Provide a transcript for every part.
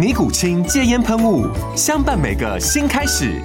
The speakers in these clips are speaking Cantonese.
尼古清戒煙噴霧，相伴每個新開始。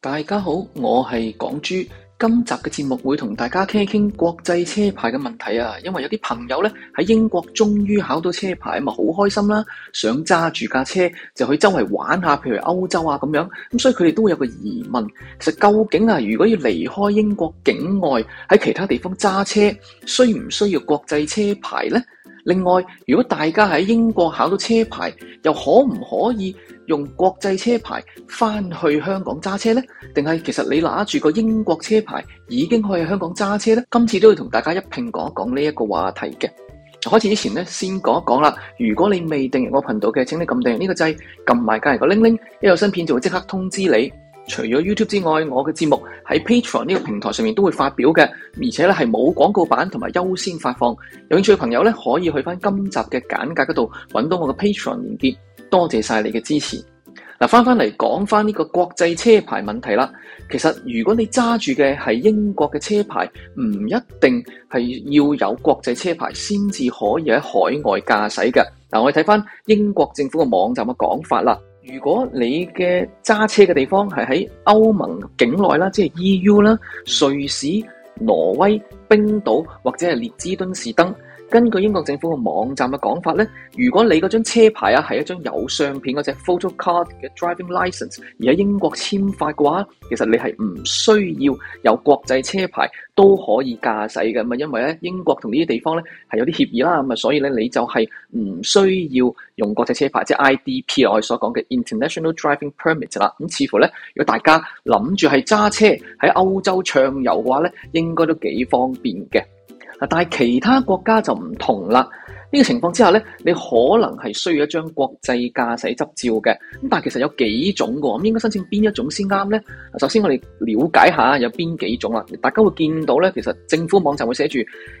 大家好，我係港豬。今集嘅節目會同大家傾一傾國際車牌嘅問題啊，因為有啲朋友呢喺英國終於考到車牌，咪好開心啦，想揸住架車就去周圍玩下，譬如歐洲啊咁樣。咁所以佢哋都會有個疑問，其實究竟啊，如果要離開英國境外喺其他地方揸車，需唔需要國際車牌呢？另外，如果大家喺英國考到車牌，又可唔可以用國際車牌返去香港揸車呢？定係其實你拿住個英國車牌已經去香港揸車呢？今次都要同大家一併講一講呢一個話題嘅。開始之前呢，先講一講啦。如果你未訂閱我頻道嘅，請你撳訂呢個掣，撳埋隔籬個鈴鈴，一有新片就會即刻通知你。除咗 YouTube 之外，我嘅節目喺 Patreon 呢個平台上面都會發表嘅，而且咧係冇廣告版同埋優先發放。有興趣嘅朋友咧，可以去翻今集嘅簡介嗰度揾到我嘅 Patreon 連結，多謝晒你嘅支持。嗱，翻翻嚟講翻呢個國際車牌問題啦。其實如果你揸住嘅係英國嘅車牌，唔一定係要有國際車牌先至可以喺海外駕駛嘅。嗱，我哋睇翻英國政府嘅網站嘅講法啦。如果你嘅揸車嘅地方係喺歐盟境內啦，即係 EU 啦、瑞士、挪威、冰島或者係列支敦士登。根據英國政府個網站嘅講法咧，如果你嗰張車牌啊係一張有相片嗰隻 photo card 嘅 driving license，而喺英國簽發嘅話，其實你係唔需要有國際車牌都可以駕駛嘅。咁啊，因為咧英國同呢啲地方咧係有啲協議啦，咁啊，所以咧你就係唔需要用國際車牌，即係 IDP 我所講嘅 International Driving Permit 啦。咁似乎咧，如果大家諗住係揸車喺歐洲暢遊嘅話咧，應該都幾方便嘅。啊！但係其他國家就唔同啦。呢個情況之下呢，你可能係需要一張國際駕駛執照嘅咁，但係其實有幾種嘅咁，應該申請邊一種先啱呢？首先我哋了解下有邊幾種啦。大家會見到呢，其實政府網站會寫住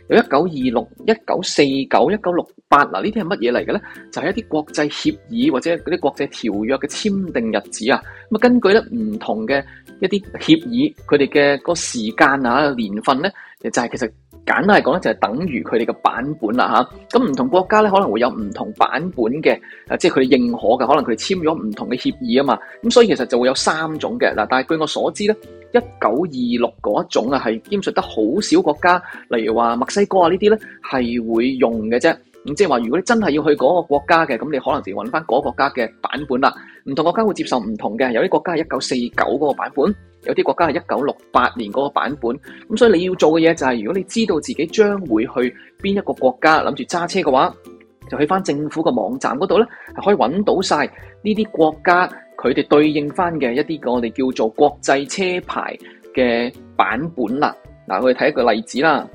有一九二六、一九四九、一九六八嗱，呢啲係乜嘢嚟嘅呢？就係一啲國際協議或者嗰啲國際條約嘅簽訂日子啊。咁啊，根據咧唔同嘅一啲協議，佢哋嘅個時間啊年份呢，就係其實。簡單嚟講咧，就係等於佢哋嘅版本啦嚇。咁唔同國家咧，可能會有唔同版本嘅，即係佢哋認可嘅，可能佢哋簽咗唔同嘅協議啊嘛。咁所以其實就會有三種嘅嗱。但係據我所知咧，一九二六嗰一種啊，係兼述得好少國家，例如話墨西哥啊呢啲咧，係會用嘅啫。咁即係話，如果你真係要去嗰個國家嘅，咁你可能就要搵翻嗰個國家嘅版本啦。唔同國家會接受唔同嘅，有啲國家係一九四九嗰個版本，有啲國家係一九六八年嗰個版本。咁所以你要做嘅嘢就係，如果你知道自己將會去邊一個國家，諗住揸車嘅話，就去翻政府嘅網站嗰度呢，係可以揾到晒呢啲國家佢哋對應翻嘅一啲我哋叫做國際車牌嘅版本啦。嗱，我哋睇一個例子啦。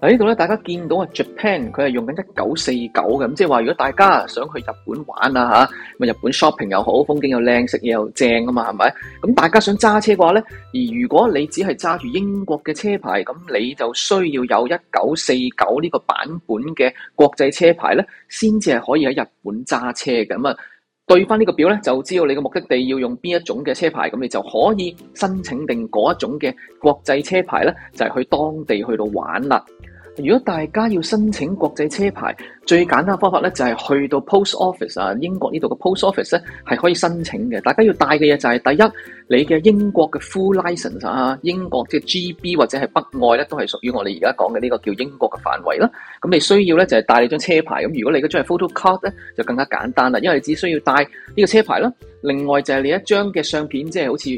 喺呢度咧，大家見到啊 Japan 佢係用緊一九四九嘅，咁即係話如果大家想去日本玩啊嚇，日本 shopping 又好，風景又靚，食嘢又正啊嘛，係咪？咁大家想揸車嘅話咧，而如果你只係揸住英國嘅車牌，咁你就需要有一九四九呢個版本嘅國際車牌咧，先至係可以喺日本揸車嘅。咁啊，對翻呢個表咧，就知道你嘅目的地要用邊一種嘅車牌，咁你就可以申請定嗰一種嘅國際車牌咧，就係去當地去到玩啦。如果大家要申請國際車牌，最簡單嘅方法咧就係去到 post office 啊，英國呢度嘅 post office 咧係可以申請嘅。大家要帶嘅嘢就係第一，你嘅英國嘅 full license 啊，英國即係 G B 或者係北愛咧，都係屬於我哋而家講嘅呢個叫英國嘅範圍啦。咁你需要咧就係帶你張車牌。咁如果你嗰張係 photo card 咧，就更加簡單啦，因為你只需要帶呢個車牌啦。另外就係你一張嘅相片，即係好似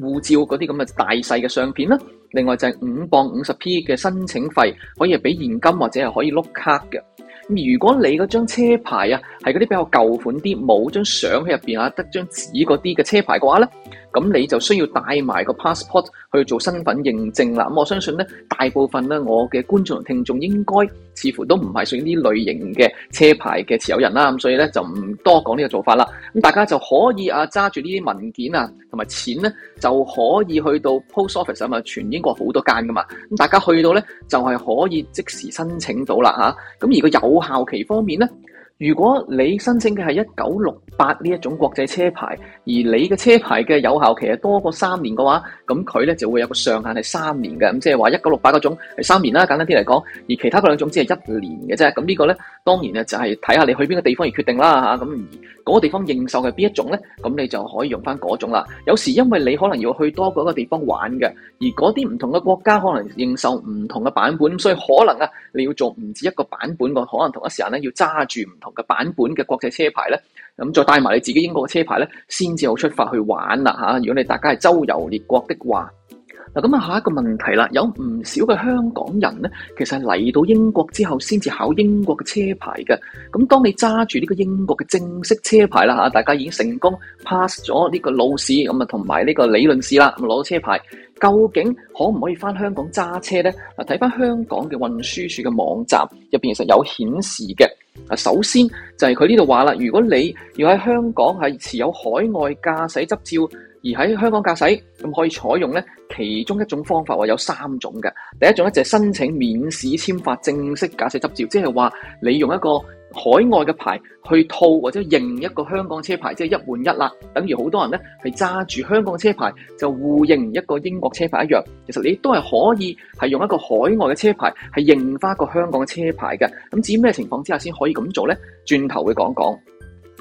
護照嗰啲咁嘅大細嘅相片啦。另外就係五磅五十 P 嘅申請費，可以係俾現金或者係可以碌卡嘅。咁如果你嗰張車牌啊，係嗰啲比較舊款啲，冇張相喺入邊啊，得張紙嗰啲嘅車牌嘅話咧。咁你就需要帶埋個 passport 去做身份認證啦。咁我相信咧，大部分咧我嘅觀眾同聽眾應該似乎都唔係屬於呢類型嘅車牌嘅持有人啦。咁所以咧就唔多講呢個做法啦。咁大家就可以啊揸住呢啲文件啊同埋錢咧就可以去到 post office 啊嘛，全英國好多間噶嘛。咁大家去到咧就係可以即時申請到啦嚇。咁、啊、而個有效期方面咧。如果你申請嘅係一九六八呢一種國際車牌，而你嘅車牌嘅有效期係多過三年嘅話，咁佢咧就會有個上限係三年嘅，咁即係話一九六八嗰種係三年啦，簡單啲嚟講，而其他嗰兩種只係一年嘅啫。咁呢個咧當然啊就係睇下你去邊個地方而決定啦吓，咁、啊、而嗰個地方認受係邊一種咧，咁你就可以用翻嗰種啦。有時因為你可能要去多個地方玩嘅，而嗰啲唔同嘅國家可能認受唔同嘅版本，所以可能啊你要做唔止一個版本個，可能同一時間咧要揸住唔。嘅版本嘅國際車牌呢，咁再帶埋你自己英國嘅車牌呢，先至好出發去玩啦嚇！如果你大家係周遊列國的話，嗱，咁啊，下一個問題啦，有唔少嘅香港人呢，其實係嚟到英國之後先至考英國嘅車牌嘅。咁當你揸住呢個英國嘅正式車牌啦嚇，大家已經成功 pass 咗呢個路試，咁啊同埋呢個理論試啦，咁攞到車牌，究竟可唔可以翻香港揸車呢？嗱，睇翻香港嘅運輸署嘅網站入邊，其實有顯示嘅。啊，首先就係佢呢度話啦，如果你要喺香港係持有海外駕駛執照，而喺香港駕駛，咁可以採用呢其中一種方法，話有三種嘅。第一種就係申請免試簽發正式駕駛執照，即係話你用一個。海外嘅牌去套或者認一個香港車牌，即係一換一啦。等於好多人咧，係揸住香港車牌就互認一個英國車牌一樣。其實你都係可以係用一個海外嘅車牌係認翻一個香港嘅車牌嘅。咁至於咩情況之下先可以咁做咧？轉頭會講講。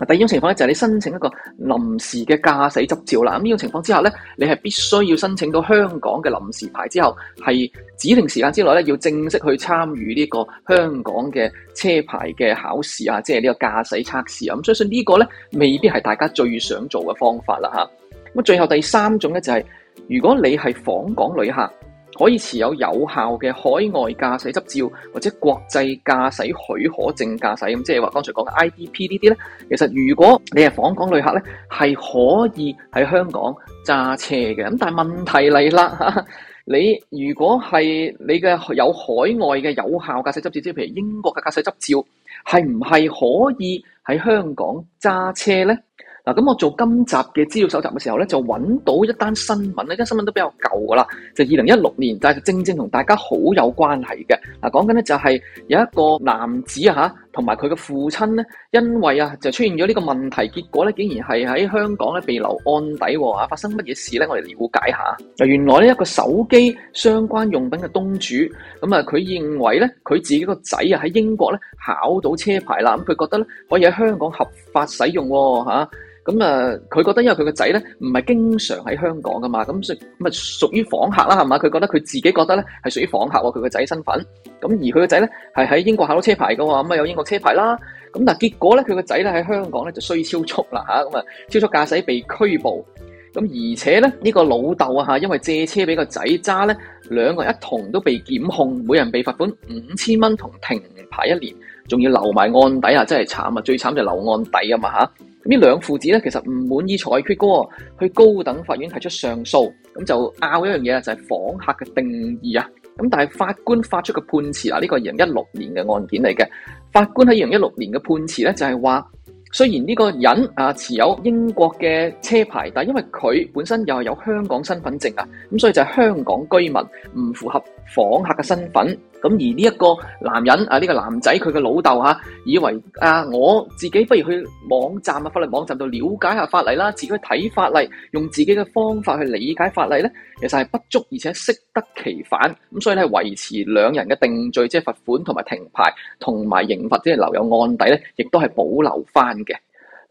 第二種情況咧就係你申請一個臨時嘅駕駛執照啦。咁呢種情況之下咧，你係必須要申請到香港嘅臨時牌之後，係指定時間之內咧，要正式去參與呢個香港嘅車牌嘅考試啊，即係呢個駕駛測試啊。咁相信呢個咧，未必係大家最想做嘅方法啦吓。咁最後第三種咧就係如果你係訪港旅客。可以持有有效嘅海外駕駛執照或者國際駕駛許可證駕駛，咁即係話剛才講嘅 IDP 呢啲咧，其實如果你係訪港旅客咧，係可以喺香港揸車嘅。咁但係問題嚟啦，你如果係你嘅有海外嘅有效駕駛執照，即係譬如英國嘅駕駛執照，係唔係可以喺香港揸車咧？嗱，咁我做今集嘅資料搜集嘅時候呢，就揾到一單新聞，呢單新聞都比較舊噶啦，就二零一六年，但、就、係、是、正正同大家好有關係嘅。嗱，講緊呢，就係有一個男子啊同埋佢嘅父親呢，因為啊就出現咗呢個問題，結果呢，竟然係喺香港呢被留案底喎啊！發生乜嘢事呢？我哋了解下。原來呢，一個手機相關用品嘅東主，咁啊佢認為呢，佢自己個仔啊喺英國呢考到車牌啦，咁佢覺得呢，可以喺香港合法使用喎。咁啊，佢覺得因為佢個仔咧唔係經常喺香港噶嘛，咁咁啊屬於訪客啦，係嘛？佢覺得佢自己覺得咧係屬於訪客喎，佢個仔身份。咁而佢個仔咧係喺英國考到車牌噶喎，咁啊有英國車牌啦。咁嗱結果咧，佢個仔咧喺香港咧就衰超速啦嚇，咁啊超速駕駛被拘捕。咁而且咧呢、呢個老豆啊嚇，因為借車俾個仔揸咧，兩個人一同都被檢控，每人被罰款五千蚊同停牌一年，仲要留埋案底啊！真係慘啊！最慘就留案底啊嘛嚇。呢兩父子咧，其實唔滿意裁決，哥去高等法院提出上訴，咁就拗一樣嘢啊，就係訪客嘅定義啊。咁但係法官發出嘅判詞呢，呢個係二零一六年嘅案件嚟嘅。法官喺二零一六年嘅判詞咧，就係話，雖然呢個人啊持有英國嘅車牌，但係因為佢本身又係有香港身份證啊，咁所以就係香港居民，唔符合訪客嘅身份。咁而呢一個男人啊，呢個男仔佢嘅老豆啊，以為啊我自己不如去網站啊，法律網站度了解下法例啦，自己去睇法例，用自己嘅方法去理解法例呢，其實係不足，而且適得其反。咁所以咧，維持兩人嘅定罪，即係罰款同埋停牌同埋刑罰，即係留有案底呢，亦都係保留翻嘅。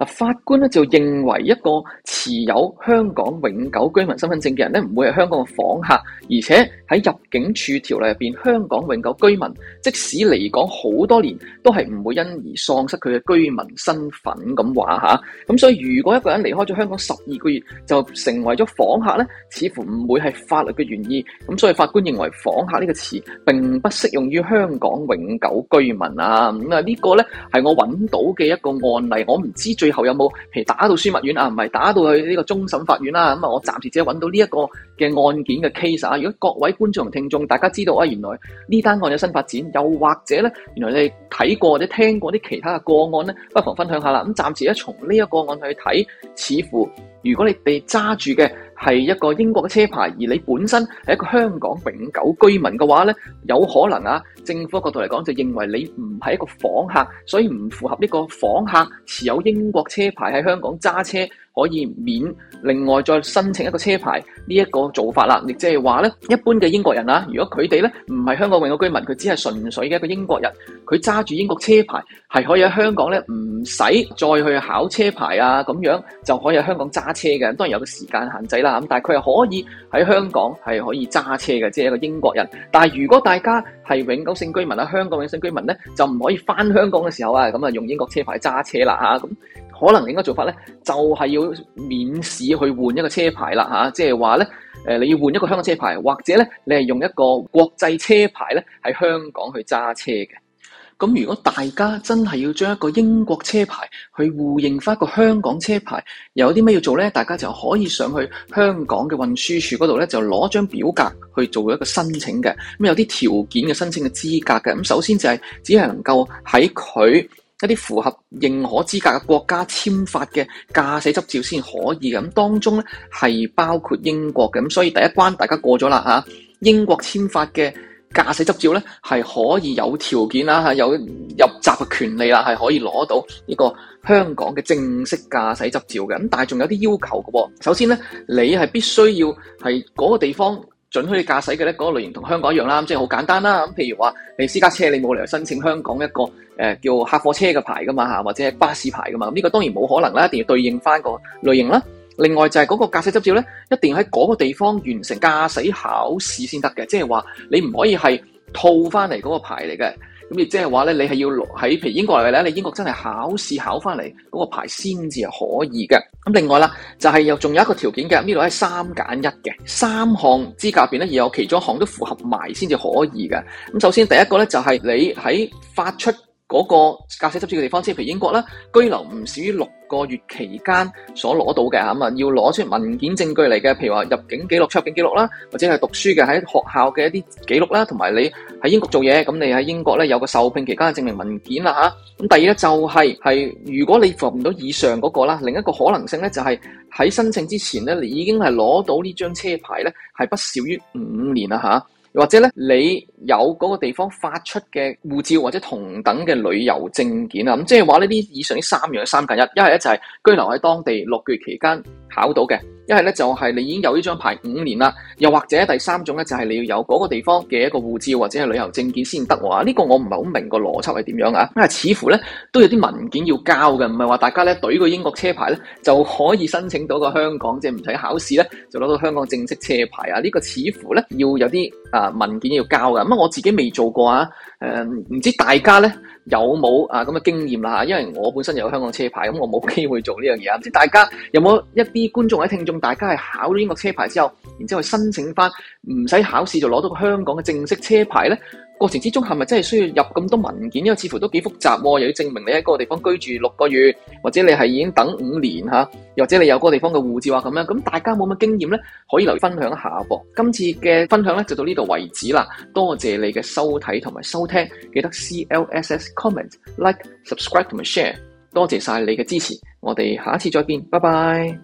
法官咧就認為一個持有香港永久居民身份證嘅人咧，唔會係香港嘅訪客，而且喺入境處條例入邊，香港永久居民即使離港好多年，都係唔會因而喪失佢嘅居民身份咁話吓。咁所以，如果一個人離開咗香港十二個月，就成為咗訪客咧，似乎唔會係法律嘅原意。咁所以，法官認為訪客呢個詞並不適用於香港永久居民啊。咁啊，呢個咧係我揾到嘅一個案例，我唔知。最後有冇？譬如打到樞密院啊，唔係打到去呢個終審法院啦。咁啊，我暫時只係揾到呢一個嘅案件嘅 case 啊。如果各位觀眾同聽眾，大家知道啊，原來呢單案有新發展，又或者呢，原來你睇過或者聽過啲其他嘅個案呢，不妨分享一下啦。咁啊，暫時咧，從呢一個案去睇，似乎。如果你哋揸住嘅係一個英國嘅車牌，而你本身係一個香港永久居民嘅話咧，有可能啊，政府角度嚟講就認為你唔係一個訪客，所以唔符合呢個訪客持有英國車牌喺香港揸車。可以免另外再申請一個車牌呢一個做法啦，亦即係話呢，一般嘅英國人啊，如果佢哋呢唔係香港永久居民，佢只係純粹嘅一個英國人，佢揸住英國車牌係可以喺香港呢唔使再去考車牌啊咁樣，就可以喺香港揸車嘅。當然有個時間限制啦，咁但係佢係可以喺香港係可以揸車嘅，即係一個英國人。但係如果大家係永久性居民啊，香港永久性居民呢，就唔可以返香港嘅時候啊，咁啊用英國車牌揸車啦嚇咁。可能應該做法咧，就係、是、要免試去換一個車牌啦吓、啊，即係話咧，誒你要換一個香港車牌，或者咧你係用一個國際車牌咧喺香港去揸車嘅。咁如果大家真係要將一個英國車牌去互認翻一個香港車牌，有啲咩要做咧？大家就可以上去香港嘅運輸署嗰度咧，就攞張表格去做一個申請嘅。咁有啲條件嘅申請嘅資格嘅。咁首先就係、是、只係能夠喺佢。一啲符合認可資格嘅國家簽發嘅駕駛執照先可以咁，當中咧係包括英國嘅。咁，所以第一關大家過咗啦吓，英國簽發嘅駕駛執照咧係可以有條件啦吓，有入閘嘅權利啦，係可以攞到呢個香港嘅正式駕駛執照嘅。咁，但係仲有啲要求嘅喎。首先咧，你係必須要係嗰個地方。准許駕駛嘅呢嗰個類型同香港一樣啦，即係好簡單啦。咁譬如話，你私家車你冇理由申請香港一個誒、呃、叫客貨車嘅牌噶嘛吓，或者巴士牌噶嘛，咁呢個當然冇可能啦，一定要對應翻個類型啦。另外就係嗰個駕駛執照呢，一定要喺嗰個地方完成駕駛考試先得嘅，即係話你唔可以係套翻嚟嗰個牌嚟嘅。咁亦即係話咧，你係要喺譬如英國嚟咧，你英國真係考試考翻嚟嗰個牌先至係可以嘅。咁另外啦，就係又仲有一個條件嘅，呢度係三揀一嘅，三項資格入邊咧，要有其中一項都符合埋先至可以嘅。咁首先第一個咧，就係你喺發出。嗰個駕駛執照嘅地方，即係譬如英國啦，居留唔少於六個月期間所攞到嘅，啊、要攞出文件證據嚟嘅，譬如話入境記錄、出境記錄啦，或者係讀書嘅喺學校嘅一啲記錄啦，同埋你喺英國做嘢，咁你喺英國咧有個受聘期間嘅證明文件啦嚇。咁、啊、第二咧就係，是，係如果你服唔到以上嗰，那個啦，另一個可能性咧就係，是，喺申請之前咧你已經係攞到呢張車牌咧係不少於五年啦或者你有嗰個地方發出嘅護照或者同等嘅旅遊證件啊，咁即係話呢啲以上啲三樣三近一，一係就係居留喺當地六個月期間考到嘅。一係咧就係你已經有呢張牌五年啦，又或者第三種咧就係你要有嗰個地方嘅一個護照或者係旅遊證件先得喎。呢個我唔係好明個邏輯係點樣啊，因為似乎咧都有啲文件要交嘅，唔係話大家咧懟個英國車牌咧就可以申請到個香港，即係唔使考試咧就攞到香港正式車牌啊？呢個似乎咧要有啲啊、呃、文件要交㗎。咁啊，我自己未做過啊，誒、呃，唔知大家咧。有冇啊咁嘅經驗啦吓？因為我本身有香港車牌，咁我冇機會做呢樣嘢啊！唔知大家有冇一啲觀眾或者聽眾，大家係考咗英國車牌之後，然之後申請翻唔使考試就攞到香港嘅正式車牌呢？過程之中係咪真係需要入咁多文件？因為似乎都幾複雜，又要證明你喺嗰個地方居住六個月，或者你係已經等五年吓，或者你有嗰個地方嘅護照啊咁樣。咁大家冇乜經驗呢，可以嚟分享一下噃。今次嘅分享呢就到呢度為止啦。多謝你嘅收睇同埋收聽，記得 CLSS comment like subscribe to share。多謝晒你嘅支持，我哋下一次再見，拜拜。